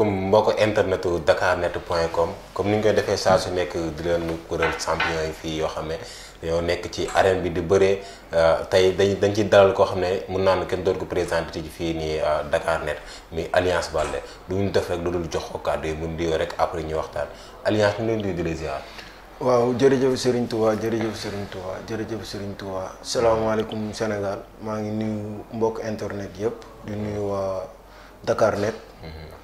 asalaamaaleykum mbokk internet dakarnet point com comme ni ñu koy defee saa su nekk di leen kuréel champion yi fii yoo xam ne dañoo nekk ci arène bi di bëree euh, tey dañ dañ ci dalal koo xam ne mun naa ne kenn doon ko présenté ci fii nii euh, dakarnet muy Alliance Baldé du ñu def rek lu dul jox ko kàddu yi mun di rek après ñu waxtaan Alliance ñu leen di di la ziar waaw jërëjëf Serigne Touba jërëjëf Serigne Touba jërëjëf Serigne Touba salaamaaleykum Sénégal maa ngi nuyu mbokk internet yëpp di nuyu waa Dakarnet mm-hmm.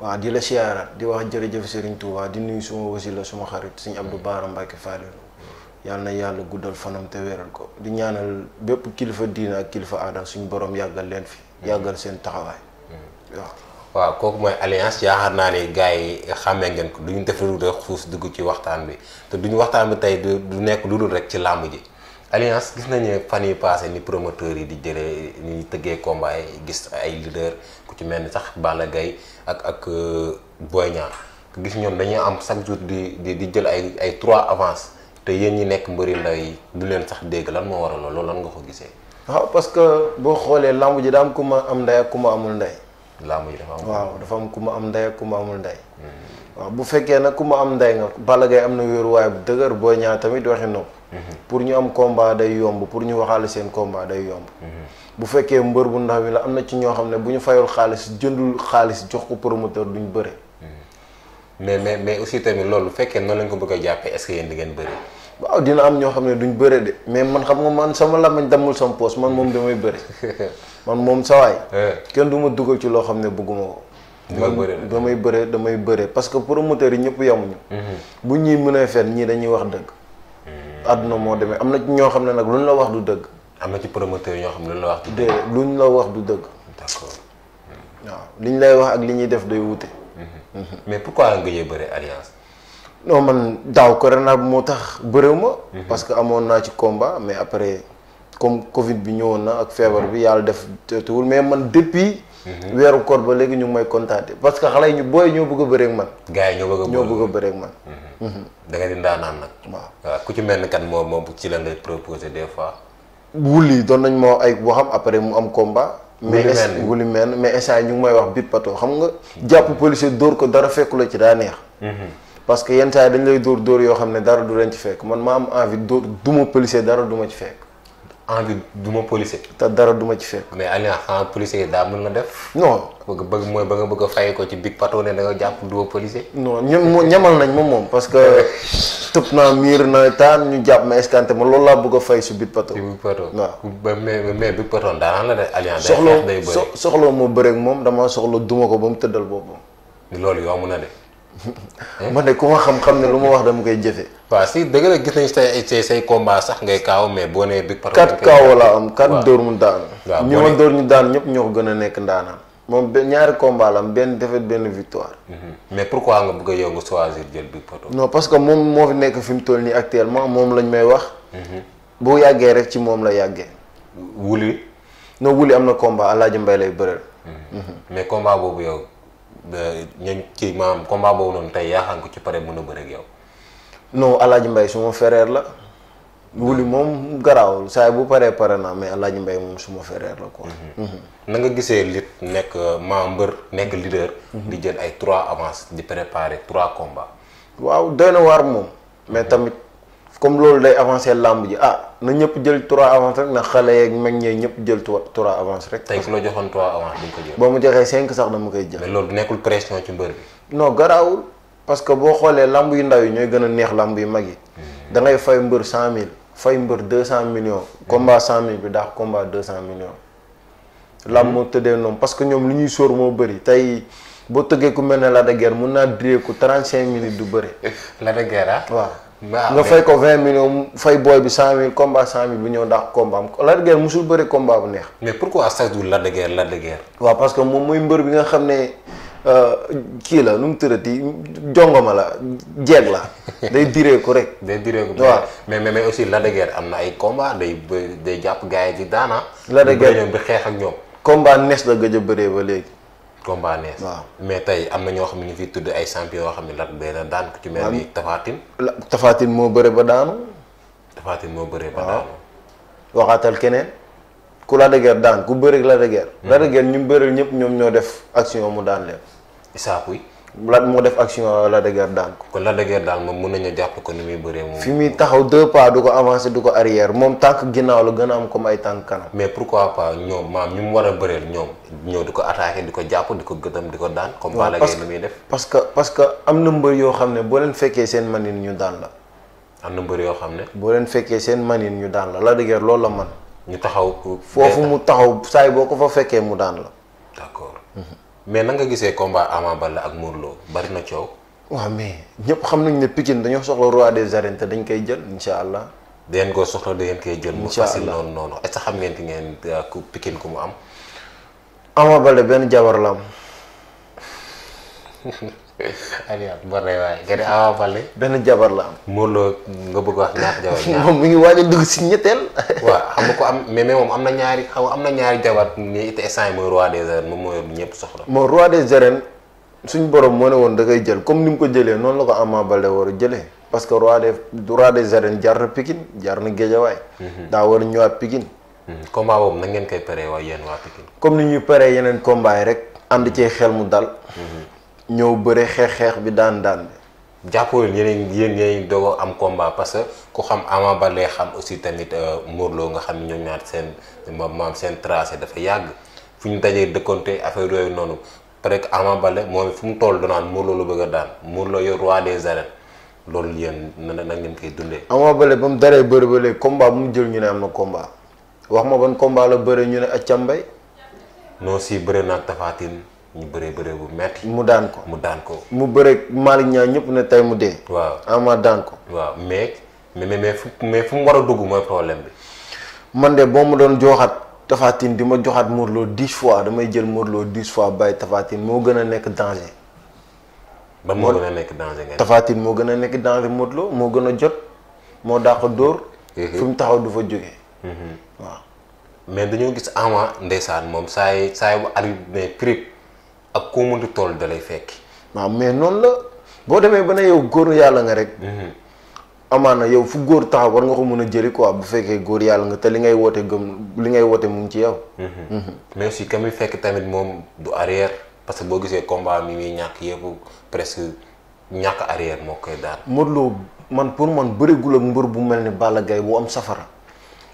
waaw di la siyaaraat di wax jërëjëf Serigne Touba di nuyu suma wasila suma xarit suñ Serigne Abdou mm. Bara Mbacké Falilou yàlla na yàlla guddal fanam te wéral ko di ñaanal bépp kilifa diina ak kilifa aada suñu borom yàggal leen fi mm. yàggal seen taxawaay mm. waaw waaw kooku mooy alliance yaakaar naa ne gars yi xàmmee ngeen ko duñu def lu rek xuus dugg ci waxtaan bi te duñu waxtaan bi tey du nekk lu dul rek ci làmb ji alliance gis nañu fan yi passé ni promoteurs yi di jëlee ñuy tëggee combat gis ay leader ku ci mel ni sax Balla Gaye ak ak euh, Boy Niang gis ñoom dañuy am chaque jour di di jël ay ay trois avance te yéen ñi nekk mbëri ndaw yi du leen sax dégg lan moo waral loolu lan nga ko gisee. waaw parce que boo xoolee lamb ji daam ku ma am ndey ak ku ma amul ndey. lamb ji dafa am ku ma am ndey ku ma amul ndey. Hmm. waaw bu fekkee nag ku ma am ndey nga Balla Gaye am na wéeruwaay bu dëgër Boy ñaar tamit waxi noonu. pour ñu am combat day yomb pour ñu waxaale seen combat day yomb. bu fekkee mbër bu ndaw bi la am na ci ñoo xam ne bu ñu fayul xaalis jëndul xaalis jox ko promoteur duñ bëre. mais mais mais aussi tamit loolu bu fekkee noonu lañ ko bëgg a jàppee est que di ngeen bëri. dina am ñoo xam ne duñ bëre de man xam nga man sama lamañ dammul sama poos man moom damay bëri man moom sawaay eh. kenn du ma dugal ci loo xam ne bëgguma ko. man damay bëre damay bëre parce que promoteurs yi ñëpp yemuñu. Mm-hmm. bu ñuy mënee fen ñii dañuy wax dëkk àdduna moo demee am na ñoo xam ne nag luñ la wax du dëgg. am na ci promoteur ñoo xam ne luñ la wax du dëgg. déedéet luñ la wax du dëgg. d'accord waaw liñ lay wax ak li ñuy def day wute. Mm-hmm. Mm-hmm. mais pourquoi nga gëj a bëre alliance. non man daaw corona moo tax bëriwuma. Mm-hmm. parce que amoon naa ci combat mais après. comme Covid bi ñëwoon na ak feebar bi yàlla def teewul mais man depuis. Mhm. weeru koor ba léegi ñu ngi may contacter parce que xale yi ñu booy ñoo bëgg a bëreeg man. gars yi ñoo bëgg a ñoo bëgg a bëreeg man. Mhm. Mhm. da nga di ndaanaan nag. waaw waaw ku ci la ngay proposer des fois. wuli doon nañ ma ay waxam après mu am combat. mais wuli mel mais instant ñu ngi may wax bip pato xam nga. jàpp policier dóor ko dara fekku la ci daa neex. parce que yenn saa yi dañ lay dóor dóor yoo xam ne dara du leen ci fekk man ma am envie dóor duma policier dara du ma ci fekk. envie du ma policier. te dara duma ci fekk. mais Alioune xanaa policier daa mën na def. non bëgg bëgg mooy ba nga bëgg a fay ko ci big pato ne da nga jàpp du ma policier. non ñun ñamal nañ ma moom parce que tëb naa miir na taan ñu jàpp ma escanté ma lool laa bëgg a fay su big pato. ci big pato waaw mais mais big pato daan na de Alioune. day xeex day bëri soxla soxla moom damaa soxla duma ko ba mu tëddal boppam. loolu yomb na de. man de ku ma xam-xam ne lu ma wax dama koy jëfe waaw si dëgg la gis nañ say say say combat sax ngay kaaw mais boo nee big. quatre kaaw la am quatre dóor mu daan. waaw ñi ma dóor ñu daan ñëpp ñoo gën a nekk ndaanaan. moom benn ñaari combat la am benn défaite benn victoire. Mhm. mais pourquoi nga bëgg a yow nga choisir jël Big Pato. non parce que moom moo fi nekk fi mu toll nii actuellement moom lañ may wax. Mhm. bu yàggee rek ci moom la yàggee. wuli. non wuli am na combat Alaaji Mbay lay bëreel. Mhm. mais combat boobu ñañ ci maam combat boobu noonu tey yaakaar ko ci pare mën a bëre ak yow. non Alaaji suma frère la. wuli moom garaawul saa bu paree pare naa mais Alaaji mbay moom suma frère la quoi. Mhm. Mhm. na nga gisee lit nekk maa euh, mbër nekk leader. Mhm. di jël ay trois avance di préparer trois combats. waaw doy na waar moom mais tamit. comme loolu day avancé làmb ji ah na ñëpp jël trois avance rek na xale yeeg mag ñee ñëpp jël trois avance rek. tey ku joxoon trois avance boo ma joxee cinq sax dama koy jël. mais loolu nekkul pression ci mbër bi. non parce que boo xoolee làmb yu ndaw yi ñooy gën a neex làmb yu mag yi. Hmm. dangay fay mbër cent mille fay mbër deux cent millions. Hmm. combat cent mille bi daax combat deux cent millions. làmb moo tëddee noonu parce que ñoom lu ñuy sóor moo bëri tey. boo tëggee ku mel ne Lac de Guiers mun naa diree ku trente cinq minutes du bëri. Lac de Guiers ah? nga fay ko vingt millions fay booy bi cent mille combat cent mille bi ñëw ndax combat am Lac de Guiers musul bëri combat bu neex. mais pourquoi stage du Lac de Guiers Lac de Guiers. waaw parce que moom mooy mbër bi nga xam ne euh, kii la nu mu tërati jongoma la jeeg la day diree ko rek. day diree ko mais mais mais aussi Lac am na ay combat day day jàpp gars yi di daana. Lac bi xeex ak ñoom. combat nes la gëj a bëree ba léegi. combat nees. waaw mais tey am na ñoo xam ne ñu fi tudd ay champion yoo xam ne lat benn daan ku ci mel ni. Tafatin. la Tafatin moo bëre ba daanu. Tafatin moo bëre ba daanu. waxaatal keneen. ku Lac de Guiers daan ku bëre la de Guiers. Hmm. Lac ñu bëreel ñëpp ñoom ñoo def action mu daan leen. Issa Pouye. Lac moo def action la de Guiers daan ko. la Lac de Guiers daal moom mun nañu jàpp ko ni muy bëree moom. fi muy taxaw deux pas du ko avancer du ko arrière moom tànk ginnaaw la gën a am comme ay tànk kanam. mais pourquoi pas ñoom maam ñu mu war a bëreel ñoom ñëw di ko attaquer di ko jàpp di ko gëtam di ko daan. comme Balla Gaye ni muy def parce que parce que am na mbër yoo xam ne boo leen fekkee seen manin ñu daan la. am na mbër yoo xam ne. boo leen fekkee seen manin ñu daan la Lac de loolu la man ñu taxaw foofu mu taxaw saay boo ko fa fekkee mu daan la. d'accord. Mhm. mais nanga gisee combat Ama Baldé ak Modou Lo bari na coow. waaw mais ñëpp xam nañ ne pikin dañoo soxla roi des arènes te dañ koy jël incha allah. dangeen ko soxla dangeen koy jël. mu facile noonu noonu at ce xam ngeen ki ngeen euh, ku Pikine ku mu am. Ama Baldé benn jabar la am. Alliance Bor lay waaye nga benn jabar la am. Modou Lo nga bëgg wax ñaar jabar. moom mu ngi waaj dugg si ñetteel. waaw xam nga ko am mais moom am na ñaari xaw am na ñaari jabar nii te instant mooy roi des arènes moom mooy ñëpp soxla. moo roi suñu borom moo ne woon da koy jël comme ni mu ko jëlee noonu la ko Ama Baldé war a jëlee parce que roi des roi des arènes jar na Pikine jar na Géejawaay. Mhm. daa a ñëwaat Pikine. Mhm. combat na ngeen koy paree waa yéen waa Pikine. comme ni ñuy paree yeneen combat yi rek. ànd cee xel mu dal. Mhm. ñëw bëre xeex xeex bi daan daan bi. jàppoo leen yeneen yéen yéen doog am combat parce que ku xam Ama xam aussi tamit euh, Modou Lo nga xam ne ñoom ñaar seen maam seen tracé dafa yàgg fu ñu dajee dëkkante affaire yooyu noonu peut que Ama Baldé fu mu tool danaan Modou Lo la bëgg a daan Modou Lo yow roi des arènes loolu yéen na na ngeen koy dundee. Ama Baldé ba mu daree bëri ba bu mu jël ñu ne am na combat wax ma ban combat la bëre ñu ne Acambay. non si bëre naag Tapha Tine. ñu bëree bëree bu metti mu daan ko mu daan ko. mu bëree Malick Niang ñëpp ne tey mu dee. waaw Ama daan ko. waaw mais mais mais fu mais fu mu war a dugg mooy problème bi. man de boo mu doon joxaat tafaatin di ma joxaat Modou Lo dix fois damay jël Modou Lo dix fois bàyyi Tafatine moo gën a nekk danger. ba moo gën a nekk danger nga. Tafatine moo gën a nekk danger Modou moo gën a jot moo dàq dóor. Mhm. fi mu taxaw du fa jógee. Mhm. waaw. mais dañoo gis Ama ndeysaan moom saay saay saa yi bu ne prip ak koo mënti tool da lay fekki. waaw mais noonu la boo demee ba ne yow góor yàlla nga rek. Mhm. amaana yow fu góor taxaw war nga ko mën a jëli quoi bu fekkee góor yàlla nga te li ngay woote gëm li ngay woote mu ngi ci yow. Mhm. Mhm. mais aussi ka muy fekk tamit moom du arrière parce que boo gisee combat mi muy ñàkk yëpp presque ñàkk arrière moo koy daal. Modou man pour man bëreegul ak mbër bu mel ni Balla gay bu am safara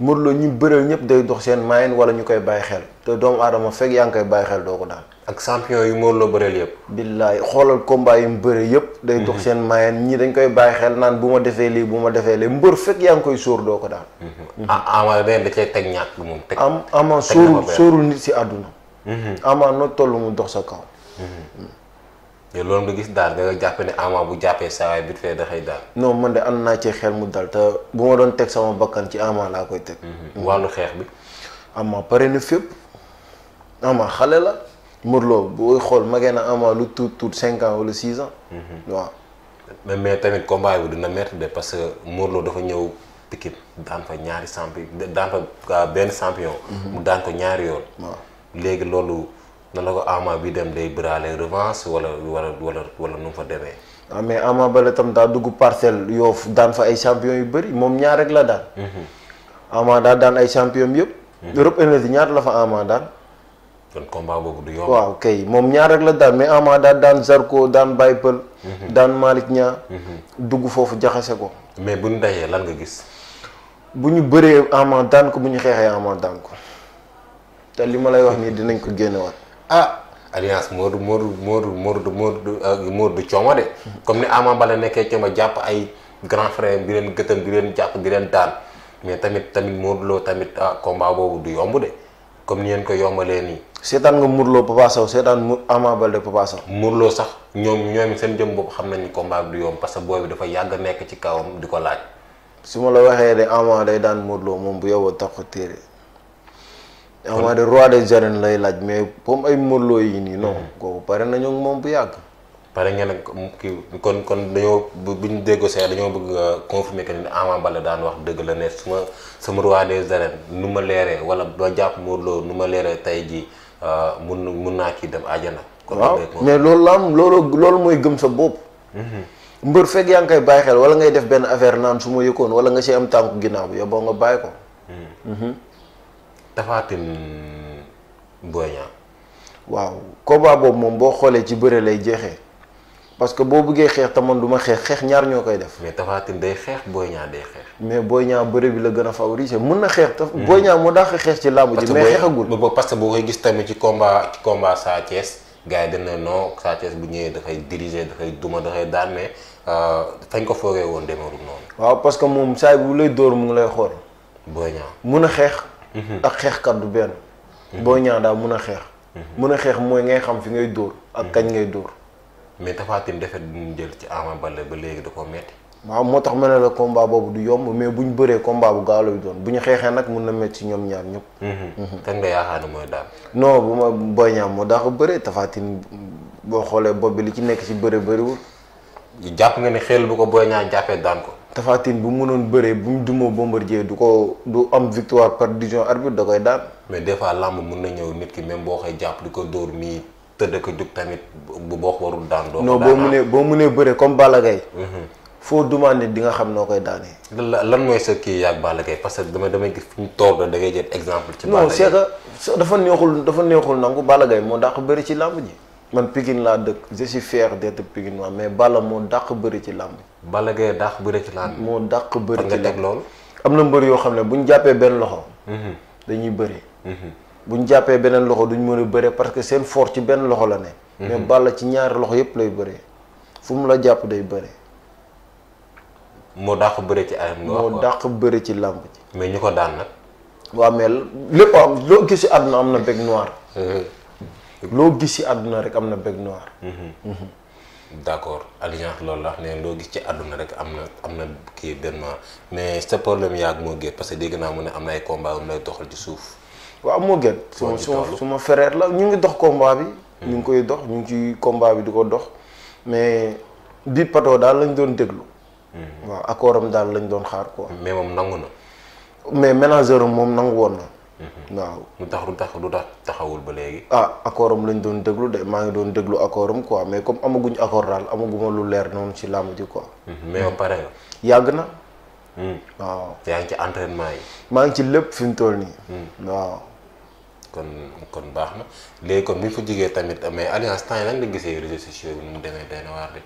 Modou Lo ñu bëreel ñëpp day dox seen maayen wala ñu koy bàyyi xel te doomu aadama fekk yaa ngi koy bàyyi doo ko daal. ak champion yu Modou Lo bëreel yëpp. billaay xoolal combat yu mu bëre yëpp. day dox seen mayeen ñii dañ koy bàyyi xel naan bu ma defee lii bu ma defee lii mbër fekk yaa ngi koy sóor doo ko mm-hmm. ah, da cee teg ñàkk moom. teg am Ama sóorul si àdduna. Mm-hmm. Ama noo toll mu dox sa kaw. Mm-hmm. loolu nga gis daal da Ama bu jàppee saa waay bit man de ànd naa ci xel mu dal te bu ma doon teg sama bakkan ci Ama laa koy teg. wàllu xeex bi. Ama pare na fépp Ama xale la. Modou Lo booy xool magee na ama mois lu tout tuut cinq ans wala six ans. Mhm. waaw. mais mais tamit combat bi dina métti de parce que Modou dafa ñëw Pikine daan fa ñaari champion daan fa benn champion. Mhm. mu daan ko ñaari yoon. waaw léegi loolu na na ko Ama bi dem day braale revanche wala wala wala wala nu mu fa demee. waaw ah, mais Ama Baldé tam daa dugg parcelle yoof daan fa ay champion yu bëri moom ñaar rek la daan. Mhm. Ama daal daan ay champion yëpp. Europe Énergie ñaar la fa Ama daan. kon combat boobu du yomb. waaw kay moom ñaar rek la daan mais Ama daan daan Zarko daan Baye Pël. Mhm. daan Malick Niang. Mhm. dugg foofu jaxase ko. mais bu ñu dajee lan nga gis. bu ñu bëree Ama ko bu ñu xeexee Ama daan ko te li ma lay wax nii dinañ ko génnewaat. ah alliance Modou Modou Modou Modou Modou euh, Modou cooma de comme ni Ama Baldé nekkee cooma jàpp ay grand frère bi leen gëtëm di leen jàpp di leen daan mais tamit tamit Modou Lo tamit ah boobu du yomb de. comme ni ngeen ko yombalee nii. seetaan nga Mourlo Papa Sow seetaan mu Ama Baldé Papa Sow. Mourlo sax ñoom ñoom seen jëm bopp xam nañ ni combat bi du yomb parce que booy dafa yàgg nekk ci kawam du ko laaj. su ma la waxee de Ama day daan Mourlo moom bu yow a tax a téere. Ama de roi de arènes lay laaj mais comme ay Mourlo yi nii non. Mm-hmm. kooku pare nañu moom bu yàgg. pare ngeen ak kii kon kon dañoo bu ñu déggoo see dañoo bëgg a euh, confirmer que ni Ama Baldé daan wax dëgg la ne su ma sama roi des nu ma leeree wala ba jàpp Modou Lô nu ma leeree tey jii euh, mun mun naa kii dem àjjana. waaw mais loolu la am loolu loolu mooy gëm sa bopp. Mhm. mbër fekk yaa ngi koy bàyyi xel wala ngay def benn affaire naan su ma yëkkoon wala nga si am tànku ginnaaw bi yóbboo nga bàyyi ko. Mhm. Mhm. tafaatin Boy Niang. waaw combat boobu moom boo xoolee ci bëre lay jeexee. parce que boo bëggee xeex te man du ma xeex xeex ñaar ñoo koy def. mais Tapha Tine day xeex booy Niang day xeex. mais Boy Niang bëre bi la gën a favoriser mun na xeex. te hmm. Boy Niang moo daax xeex ci làmb ji. mais xeexagul parce que boo koy gis tamit ci combat ci combat Sa Thiès gars yi dañ ne non Sa Thiès bu ñëwee dafay diriger dafay duma dafay daan mais euh, fañ ko foogee woon demeewul waaw parce que moom saa bu lay dóor mu ngi lay xool. Boy Niang mun a xeex. Mhm. ak xeexkat du benn. Mhm. Boy Niang daal mun a xeex. Mhm. mun a xeex mooy ngay xam fi ngay dóor. ak kañ ngay dóor. mais Tapha Tine defet bu ñu jël ci Ama Baldé ba léegi da koo metti waaw moo tax ma ne la combat boobu du yomb mais bu ñu bëree combat bu gaaw lay doon bu ñu xeexee nag mun na metti ci ñoom ñaar ñëpp. Mm-hmm. kan nga yaakaar ne mooy daal. non bu ma Boy Niang moo daax a bëree Tapha boo xoolee bob bi li ci nekk ci bëre bëriwul. jàpp nga ne xel bu ko Boy Niang jàppee daan ko. Tapha Tine bu mënoon bëree bu mu dumoo Bombardier du ko du am victoire par décision arbitre da koy daan. mais des fois làmb mun na ñëw nit ki même boo koy jàpp di ko dóor nii. tëdd ko jug tamit bu boo warul daan doo non boo mënee boo mënee bëre comme Balla Gaye mhm. foo demandé di nga xam noo koy daanee lan mooy sa kii yaag Balla parce que dama damay gis fi ñu toog da ngay jël exemple ci non c'est que dafa neexul dafa neexul nangu moo dàq bëri ci làmb ji man Pikine laa dëkk je suis fier d'être mais Balla moo dàq bëri ci làmb Balla Gaye dàq bëri ci làmb moo daq bëri ci lool am na mbër yoo xam ne bu ñu jàppee benn loxo mhm. dañuy bëri mhm. bu ñu jàppee beneen loxo duñ mën a bëre parce que seen fort ci benn loxo la ne. Mhm. mais Balla ci ñaari loxo yëpp lay bëree fu mu la jàpp day bëre. moo dàq bëre ci ayam. moo dàq bëre ci làmb ji. mais ñu ko daan nag. waaw mais lépp am loo gis si àdduna am na bec noir. Mhm. loo gis si àdduna rek am na bec noir. Mhm. d' accord alliance loolu la ne gis ci àdduna rek am na am na kii benn mais sa problème yàgg moo gën parce que dégg naa mu ne am na ay combat yu lay doxal ci suuf. waaw moo gën suma suma suma frère la ñu ngi dox combat bi hmm. ñu ngi koy dox ñu ngi ci combat bi di ko dox mais bi Pato daal lañ doon déglu hmm. waaw accordam daal lañ doon xaar quoi mais moom nangu na mais manager moom nangu woon na hmm. waaw lu tax lu tax lu tax ba léegi ah accordam lañ doon déglu de maa ngi doon déglu accordam quoi mais comme amaguñ accord daal amaguma lu leer noonu ci làmb ji quoi yàgg na waaw yaa ngi ci maa ngi ci lépp fi toll nii waaw kon kon baax na léegi kon bu ñu fa jigee tamit mais alliance temps yi lan nga gisee réseaux sociaux yi mu demee doy de.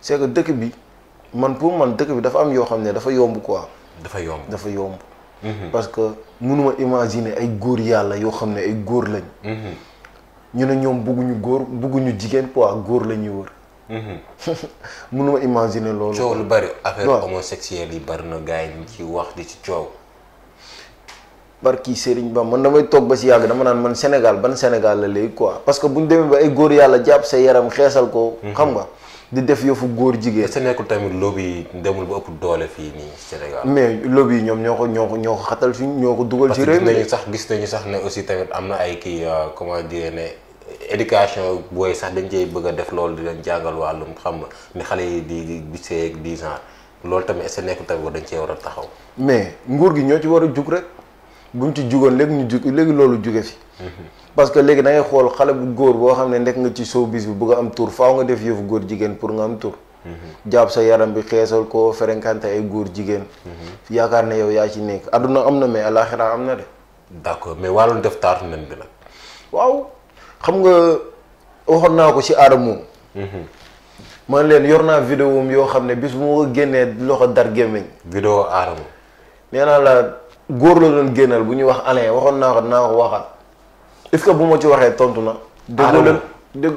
c'est que dëkk bi man pour man dëkk bi dafa am yoo xam ne dafa yomb quoi. dafa yomb dafa yomb. Mhm. parce que mënuma imaginer ay góor yàlla yoo xam ne ay góor lañ. Mhm. ñu ne ñoom bëgguñu góor bëgguñu jigéen quoi góor la ñuy wër. Mhm. mënuma imaginer loolu. coow lu bari affaire homosexuelle yi bari na gars yi ñu ci wax di ci coow. barki Serigne Ba man damay toog ba si yàgg dama naan man Sénégal ban Sénégal la léegi quoi parce que bu ñu demee ba ay góor yàlla jàpp sa yaram xeesal ko. Mhm. xam nga di def yëfu góor jigéen. sa nekkul tamit lobby yi demul ba ëpp fii nii Sénégal. mais lobby yi ñoom ñoo ko ñoo ko ñoo ko xatal fii ñoo ko dugal. ci réew mi sax gis nañu sax ne aussi tamit am na ay kii euh, comment dire ne. éducation booy sax dañ cey bëgg a def loolu di leen jàngal wàllum xam nga ni xale yi di di di seeg loolu tamit est ce nekkul tamit war dañ cee war a taxaw. mais nguur gi ñoo ci war a jug rek. bu buñ ci jugoon léegi ñu jug léegi loolu juge fi parce que léegi da ngay xool xale bu góor boo xam ne nekk nga ci showbiz bi bëgg a am tur faaw nga def yëfu góor jigéen pour nga am tur mhm. jàpp sa yaram bi xeesal ko fréquenté ay góor jigéen mhm. yaakaar ne yow yaa ci nekk adduna am na mais alaxira am na de d'accord mais wàllum def taatu nen waaw xam nga waxoon naa ko ci aada moom man leen yor naa vidéo yoo xam ne bis bu ma ko génnee loxo dar gémmiñ vidéo aada moom nee naa la góor la doon génnal bu ñuy wax Alain waxoon naa ko dinaa ko waxaat est ce que bu ma ci waxee tontu na. déglu leen dégg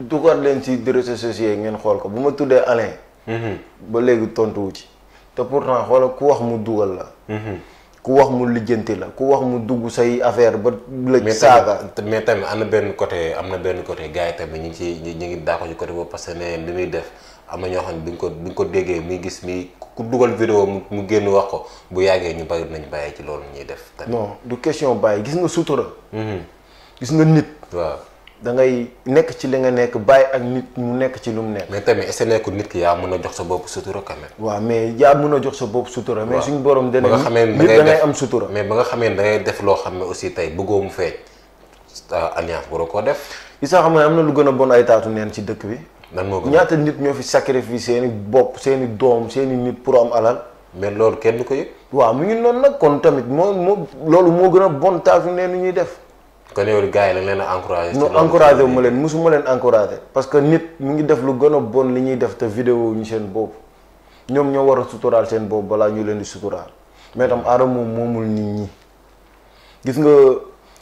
dugaat leen ci réseaux sociaux ngeen xool ko bu ma tuddee Alain. Mhm. ba léegi tontuwu ci. te pourtant xoolal ku wax mu dugal la. Mhm. ku wax mu lijjanti la ku wax mu dugg say affaire ba. lëj saaga mais tamit am na benn côté am na benn côté gars yi tamit ñu ngi ci ñu ngi daa ko ci côté boobu parce que nee li muy def. am na ñoo xam ne bi nga ko bi ñu ko déggee muy gis mi ku dugal vidéo mu génn wax ko bu yàggee ñu bari nañu bàyyee ci loolu ñuy def. non du question bàyyi gis nga sutura. Mm-hmm. gis nga nit. waaw da ngay nekk ci li nga nekk bàyyi ak nit mu nekk ci lu mu nekk. mais tamit est-ce que nit ki yaa mën a jox sa bopp sutura quand même. waaw mais yaa mën a jox sa bopp sutura. suñu borom dana. xamee nit da am sutura. mais ba nga xamee da dangay def loo xam ne aussi tey bëggoo mu feeñ. Ah, alliance waroo koo def. Issa xam nga am na lu gën a bon taatu neen ci dëkk bi nan moo ñaata nit ñoo fi sacrifice seen i bopp seeni doom seen i nit pour am alal. mais loolu kenn ko yëg. waaw mu ngi noonu nag kon tamit moom moo loolu moo gën a bon tâche ne ñuy def. kon yow gars yi da leen a encouragé. non ma leen mosuma leen encouragé. parce que nit mu ngi def lu gën a bon li ñuy def te video ñu seen bopp ñoom ñoo war a suturaal seen bopp balaa ñu leen di suturaal mais tam aadama moom moomul nit ñi gis nga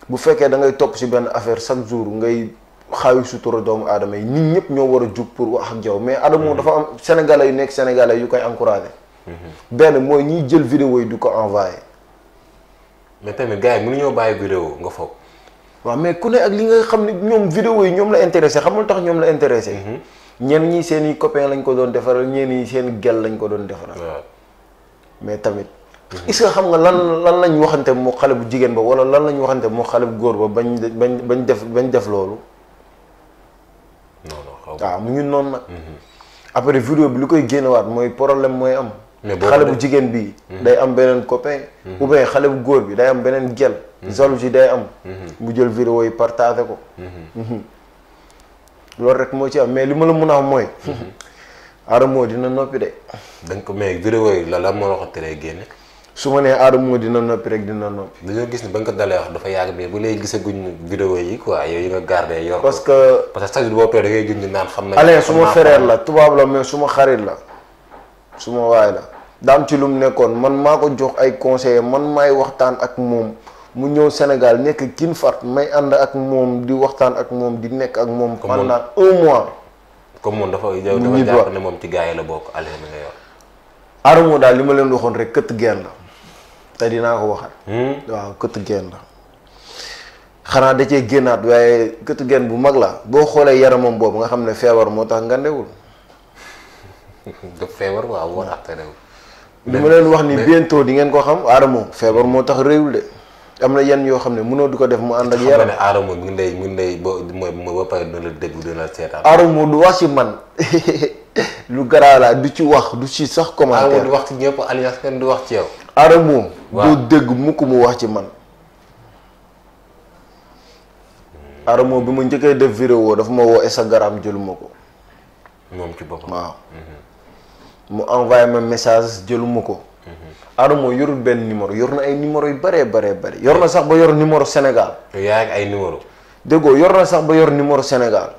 bu fekkee da ngay topp si benn affaire chaque jour ngay. xaayu sutura doomu aadama yi nit ñëpp ñoo war a jug pour wax ak jaww mais Adamo dafa am sénégalais yu nekk sénégalais yu koy encouragé. benn mooy ñiy jël vidéo yi du ko envoyé. mais tamit gars yi mënuñoo bàyyi vidéo nga foog. waaw mais ku ne ak li nga xam ne ñoom vidéo yi ñoom la intéressé xamul tax ñoom la intéressé. Mhm. ñenn ñi seen i lañ ko doon defaral ñenn ñi seen gel lañ ko doon defaral. mais tamit. Mhm. est-ce xam nga lan lan lañ waxante moo xale bu jigéen ba wala lan lañ waxante moo xale bu góor ba bañ bañ bañ def bañ def loolu. waa mu ngi noonu nag. après vidéo bi li koy génnewaat mooy problème mooy am. xale bu jigéen bi hmm. day am beneen copain. Hmm. ou xale bu góor bi day am beneen gel. Hmm. jalousie day am. mu jël vidéo yi partagé ko. loolu rek moo ci am mais li ma la mun a am mooy. Adamo dina noppi de. dañ ko mais vidéo yi la la moo la ko teree génne. su ma nee aadama moo dina noppi rek dina noppi. dañoo gis ni ba ko dalee wax dafa yàgg mais bu lay gisaguñ vidéo yi quoi yooyu yi nga gardé yor. parce que parce que chaque jour boo toogee xam nañ. Alain ma frère la tubaab la mais su ma xarit la su ma waay la daam ci lu mu nekkoon man maa ko jox ay conseil man maay waxtaan ak moom. mu ñëw Sénégal nekk kin fat may ànd ak moom di waxtaan ak moom di nekk ak moom. pendant un mois. comme moom dafa dafa jàpp ne moom ci gars yi la bokk Alain mi nga daal li ma leen waxoon rek këtt geen la. te dinaa ko waxaat. Hmm? waaw këtt geen la. xanaa da cee génnaat waaye këtt geen bu mag la boo xoolee yaramam boobu nga xam ne feebar moo tax ngandewul. daf feebar waaw moo ma leen wax ni bientôt di ngeen ko xam aadamo feebar moo tax réewul de am na yenn yoo xam ne mënoo du ko def mu ànd ak yaram xam nga ne aadamo mi ngi lay mi ngi lay ba mooy ba pare dina la déglu dina du wax ci man lu garaaw laa du ci wax du ci sax commentaire. aadamo du wax ci ñëpp alliance kenn du wax ci yow. Adamo doo dégg mukk mu wax ci man Adamo bi ma njëkkee def vidéo dafa ma woo Instagram jëluma ko moom ci boppam waaw mhm. mu envoyé ma message jëluma ko mhm. Adamo yorul benn numéro yor na ay numéro yu bëree bëree bëri yor na sax ba yor numéro Sénégal yaa ak ay numéro déggoo yor na sax ba yor numéro Sénégal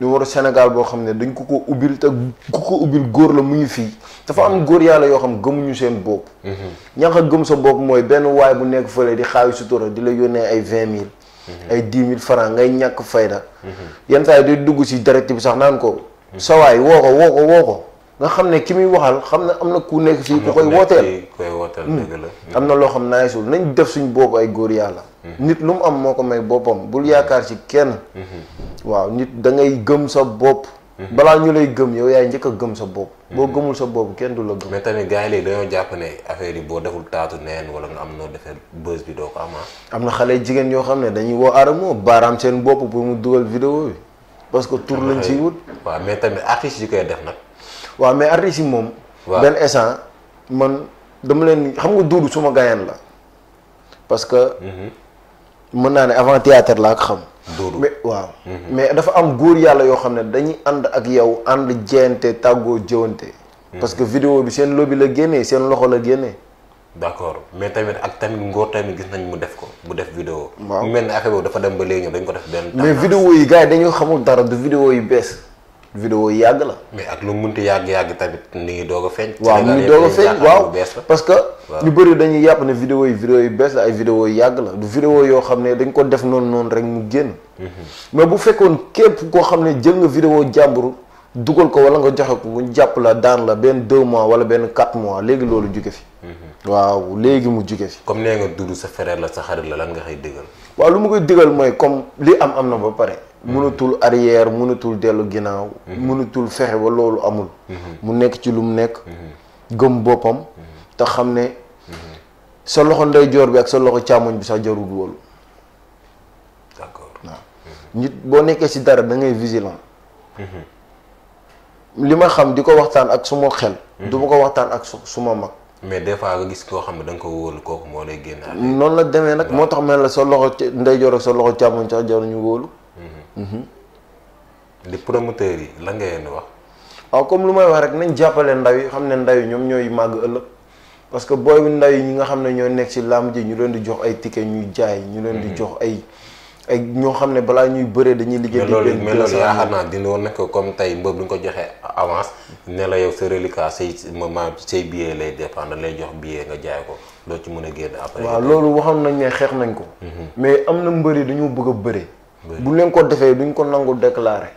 numéro Sénégal boo xam ne dañ ko ko ubbil te ku ko ubbil góor la mu ngi fii dafa am góor yàlla yoo xam gëmuñu seen bopp. Mhm. ñàkk a gëm sa bopp mooy benn waay bu nekk fële di xaawi sutura di la yónnee ay vingt mille. Mhm. ay dix mille franc ngay ñàkk fayda. Mhm. yenn saa yi day dugg si direct bi sax naan ko. sawaay woo ko woo ko woo ko. nga xam ne ki muy waxal xam ne am na ku nekk fii ku koy wooteel hmm. am na loo xam naa sul nañ def suñ boobu ay góor yàlla hmm. nit lu mu am moo ko may boppam bul yaakaar ci kenn hmm. waaw nit da ngay gëm sa bopp balaa ñu lay gëm yow yaay njëkk gëm sa bopp boo gëmul sa bopp kenn du la gëm mais tamit dañoo jàpp ne affaire yi boo deful taatu neen wala nga am noo defee buzz bi doo ko am ah. am na xale jigéen yoo xam ne dañuy woo Adamo baaraam seen bopp pour mu dugal vidéo bi parce que tur lañ ciy wut waaw mais tamit artiste yi koy def nag waaw mais artistes yi moom. waaw benn instant man dama leen xam nga duudu suma gayaan la parce que. Mhm. mën naa ne avant théâtre laa ko xam. duudu mais waaw. Mhm. mais dafa am góor yàlla yoo xam ne dañuy ànd ak yow ànd jeente tàggoo jëwante. Mhm. parce que vidéo bi seen lobi la génnee seen loxo la génne d' mais tamit ak tamit ngóor tamit gis nañ mu def ko mu def vidéo. waaw mel ne affaire boobu dafa dem ba léegi dañ ko def benn. mais vidéo yi gars yi dañoo xamul dara du vidéo yu bees. vidéo yi yàgg la. mais ak lu mun munti yàgg yàgg tamit ni ngi doog a feeñ. waaw mu doog a feeñ waaw parce que. ñu bëri dañuy yàpp ne vidéo yi vidéo yu bees la ay vidéo yàgg la du vidéo yoo xam ne dañ ko def noonu noonu rek mu génn. Mhm. mais bu fekkoon képp koo xam ne jël nga vidéo jàmbur dugal ko wala nga joxe ko ñu jàpp la daan la benn 2 mois wala benn 4 mois léegi loolu juge fi. Mhm. waaw léegi mu juge fi. comme nee nga Doudou sa frère la sa xarit la lan nga koy digal. waaw lu ma koy digal mooy comme li am am na ba pare mënatul arrière mënatul dellu ginnaaw mhm. mënatul fexe ba loolu amul mhm. mu nekk ci lu mu nekk mhm. gëm boppam te xam ne sa loxo ndeyjoor bi ak sa loxo càmmoñ bi sax jarul wóolu d'accord waaw nit boo nekkee ci dara da ngay vigilant li ma xam di ko waxtaan ak suma xel du ma ko waxtaan ak suma mag mais des fois nga gis koo xam ne da ko wóolu kooku moo lay génn noonu la demee nag moo tax mel la sa loxo ndeyjoor ak sa loxo càmmoñ sax jaruñu wóolu li mm-hmm. promoteurs yi la nga leen wax. waaw comme lu may wax rek nañ jàppale ndaw yi xam ne ndaw yi ñoom ñooy màgg ëllëg parce que booy ndaw yi ñi nga xam ne ñoo nekk ci làmb ji ñu leen di jox ay ticket ñu jaay. ñu leen di mm-hmm. jox ay ay ñoo xam ne balaa ñuy bëree dañuy liggéey. liggéey bi mais loolu yaakaar naa dina woon nekk comme tey mbëb du nga ko joxee avance ne la yow sa reliquat say moment say billet lay dépendre lay jox billet nga jaay ko doo ci mën a génn après. waaw loolu waxoon nañ ne xeex nañ ko. Mm-hmm. mais am na mbër yi dañoo bëgg a bëree bu leen ko defee duñ ko nangu déclaré.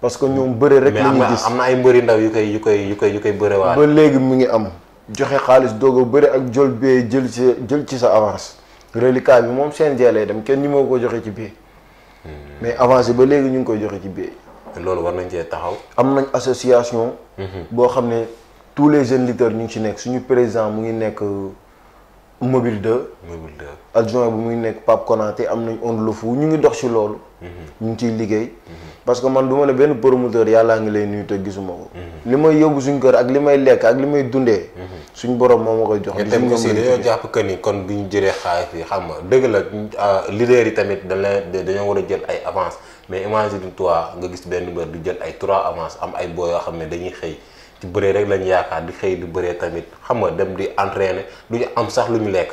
parce que ñoom bëre rek. la na ay mbëri yu koy yu koy yu koy yu koy bëre waale. ba léegi mu ngi am joxe xaalis doog a bëre ak jol bee jël ci jël ci sa avance. reliquat bi moom CNG lay dem kenn ñu moo ko joxe ci bee. Hmm. mais avancé ba léegi ñu ngi koy joxe ci bee. loolu war nañ cee taxaw. am nañ association. Hmm. boo xam ne tous les jeunes lutteurs ñu ngi ci nekk suñu président mu ngi nekk. Euh, mobile de mobile 2 bu muy nekk Pape Konaté am nañ Onde le Fou ñu ngi dox ci loolu. Mm-hmm. ñu ngi ciy liggéey. Mm-hmm. parce que man du ma ne benn promoteur yàllaa ngi lay nuyu te gisuma ko. Mm-hmm. li may yóbbu suñ kër ak li may lekk ak li may dundee. suñ borom moo ma koy jox. li suñ aussi dañoo jàpp que ni kon bi ñu jëlee xaalis yi xam nga dëgg la euh, leader yi tamit dañ leen dañoo war a jël ay avance mais imagine toi nga gis benn mbër di jël ay trois avance am ay boo yoo xam ne dañuy xëy. ci bëree rek lañ yaakaar di xëy di bëree tamit xam nga dem di entraîner du ñu am sax lu ñu lekk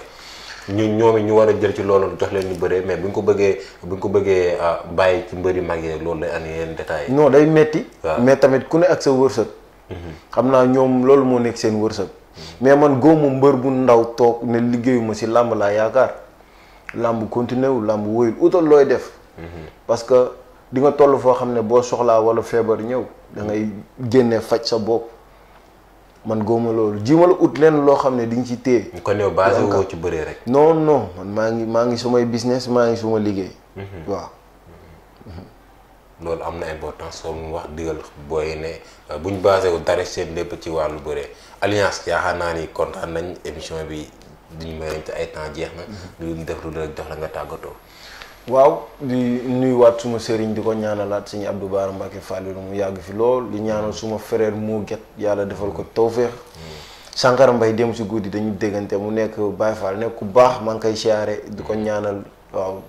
ñu ñoom ñu war a jël ci loolu jox leen ñu bëree mais bu ñu ko bëggee bu ñu ko bëggee ah, bàyyi ci mbëri mag yi loolu lay andi yenn détails ñoo day metti mais tamit ku ne ak sa wërsëg. Mhm. xam naa ñoom loolu moo nekk seen wërsëg. Mhm. mais man góomu mbër bu ndaw toog ne liggéeyuma si làmb laa yaakaar làmb continué wu làmb wóyul utal looy def. Mhm. parce que di nga toll foo xam ne boo soxlaa wala feebar ñëw da ngay génne faj sa bopp. man góoma loolu jiima la ut leen loo xam ne di nga ci téye. kon yow basé woo ci bëree rek. non non man maa ngi maa ngi sumay business maa ngi suma liggéey. Mhm. waaw. loolu am na soo mu wax digal booy ne euh, bu ñu basé wu dara seen lépp ci wàllu bëree alliance yaakaar naa ni kontaan nañ émission bi duñu may ci ay temps jeex na. Mhm. lu def lu rek jox la nga tàggatoo. waaw di nuyuwaat suma sëriñ di ko ñaanalaat sëñ Abdou Bara Mbacké Fallilou mu yàgg fi lool di ñaanal mm. suma frère moo get yàlla defal ko tawféex Sankara Mbaye dem si guddi dañu déggante mu nekk Baye Fall nekk ku baax maa ngi koy siyaare di ko mm. ñaanal waaw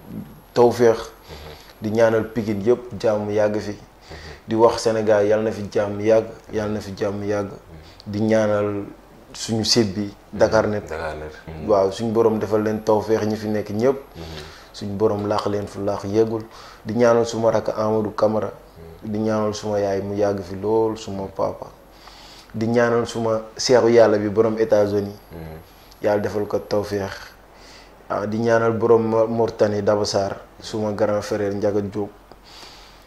tawféex mm-hmm. di ñaanal Pikine yëpp jàmm yàgg fi mm-hmm. di wax senegal yàlla na fi jàmm yàgg yàlla na fi jàmm yàgg mm. di ñaanal suñu sët bi mm-hmm. Dakarnet waaw suñu borom defal leen tawféex ñi fi nekk ñëpp suñ boroom laax leen fu laax yeggul di ñaanal suma rakk Amadou Camara di ñaanal suma yaay mu yàgg fi lool suma papa di ñaanal suma seexu yàlla bi borom États-Unis mm-hmm. yàlla defal ko tawféex ah di ñaanal borom Mortani Dabassar suma grand frère njaga Diop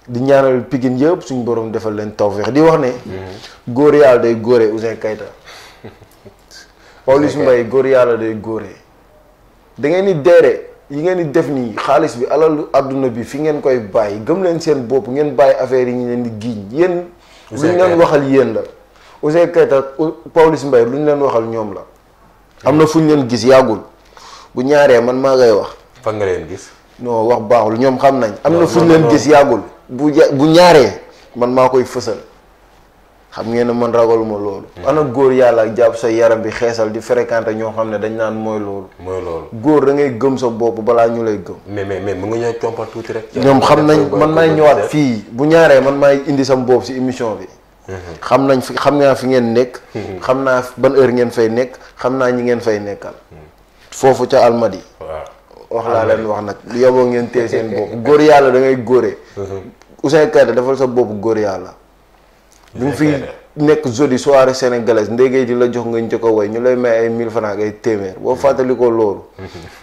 di ñaanal Pikine yëpp suñ borom defal leen tawféex di wax ne. Mm-hmm. góor yàlla day góore Ouzin Keita. Pawlish Mbaye góor yàlla day góore da ngeen deere yi ngeen di def nii xaalis bi alalu àdduna bi fi ngeen koy bàyyi gëm leen seen bopp ngeen bàyyi affaire yi ñu leen di giiñ yéen lu ñu leen waxal yéen la Ouzin Keita Pawlish mbay lu ñu leen waxal ñoom la am na fu ñu leen gis yàggul bu ñaaree man maa ngay wax fan nga gis non wax baaxul ñoom xam nañ am na fu leen gis yàggul bu bu ñaaree man maa koy fësal xam ngeen ne man ragaluma loolu. Hmm. ana góor yàlla ak jàpp sa yaram bi xeesal di fréquenter ñoo xam ne dañ naan mooy loolu. mooy loolu góor dangay gëm sa bopp balaa ñu lay gëm. mais mais mais mën nga ñëw compal tuuti ñoom xam nañ man may ñëwaat fii bu ñaaree man maay indi sam bopp si émission bi. Hmm. xam nañ fi xam naa fi ngeen nekk. Hmm. xam naa ban heure ngeen fay nekk xam naa ñi ngeen fay nekkal. foofu ca Almadi. wax laa leen wax nag yoboo ngeen tee seen bopp góor yàlla da ngay góore. Ouzin Keita defal sa bopp góor yàlla bi mu fi nekk jeudi soirée sénégalaise ndege di la jox nga njëkk a way ñu lay may ay mille francs ay téeméer boo fàttalikoo loolu.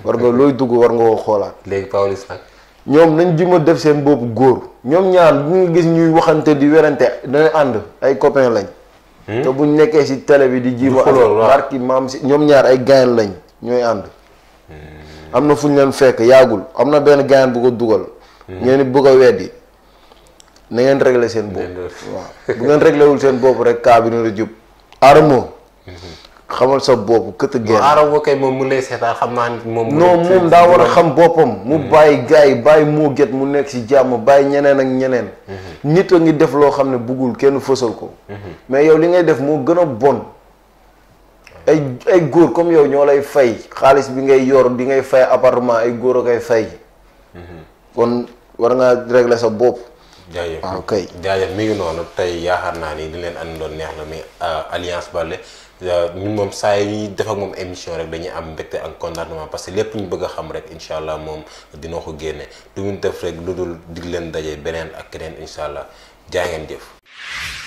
war nga looy dugg war nga koo xoolaat. léegi Pawlish nag. ñoom nañ ji def seen boobu góor ñoom ñaar bu nga gis ñuy waxante di werante dana ànd ay copains lañ. Hmm? te buñ nekkee si tele bi di. ji ma barki maam si ñoom ñaar ay gaañ lañ ñooy ànd. Hmm. am na fu ñu leen fekk yaagul am na benn gaañ bu ko dugal. Hmm. ngeen bëgg a weddi na ngeen régler seen bopp waaw bu ngeen réglé wul seen bopp rek kaa bi nu la jub Adamo xamal sa bopp kët mm-hmm. a moom mu lay seetaan xam naa moom non moom daa war a xam boppam mu mm-hmm. bàyyi gars yi bàyyi moo get mu nekk si jàmm bàyyi ñeneen ak ñeneen mm-hmm. nit a ngi def loo xam ne buggul kenn fësal ko mais yow li ngay def moo gën a bon ay góor comme yow ñoo lay fay xaalis bi ngay yor di ngay fay appartement ay góor a koy fay kon war nga régler sa bopp jaajëf waaw ah, kay jaajëf mi ngi noonu tey yaakaar naa ni di leen andoon neex la mi euh, Alliance Baldé euh, ñun moom saa yi def ak moom émission rek dañuy am mbégte ak contentement parce que lépp ñu bëgg a xam rek incha allah moom dina ko génne du ñu def rek lu dul dig leen daje beneen ak keneen incha allah jaa ngeen jëf.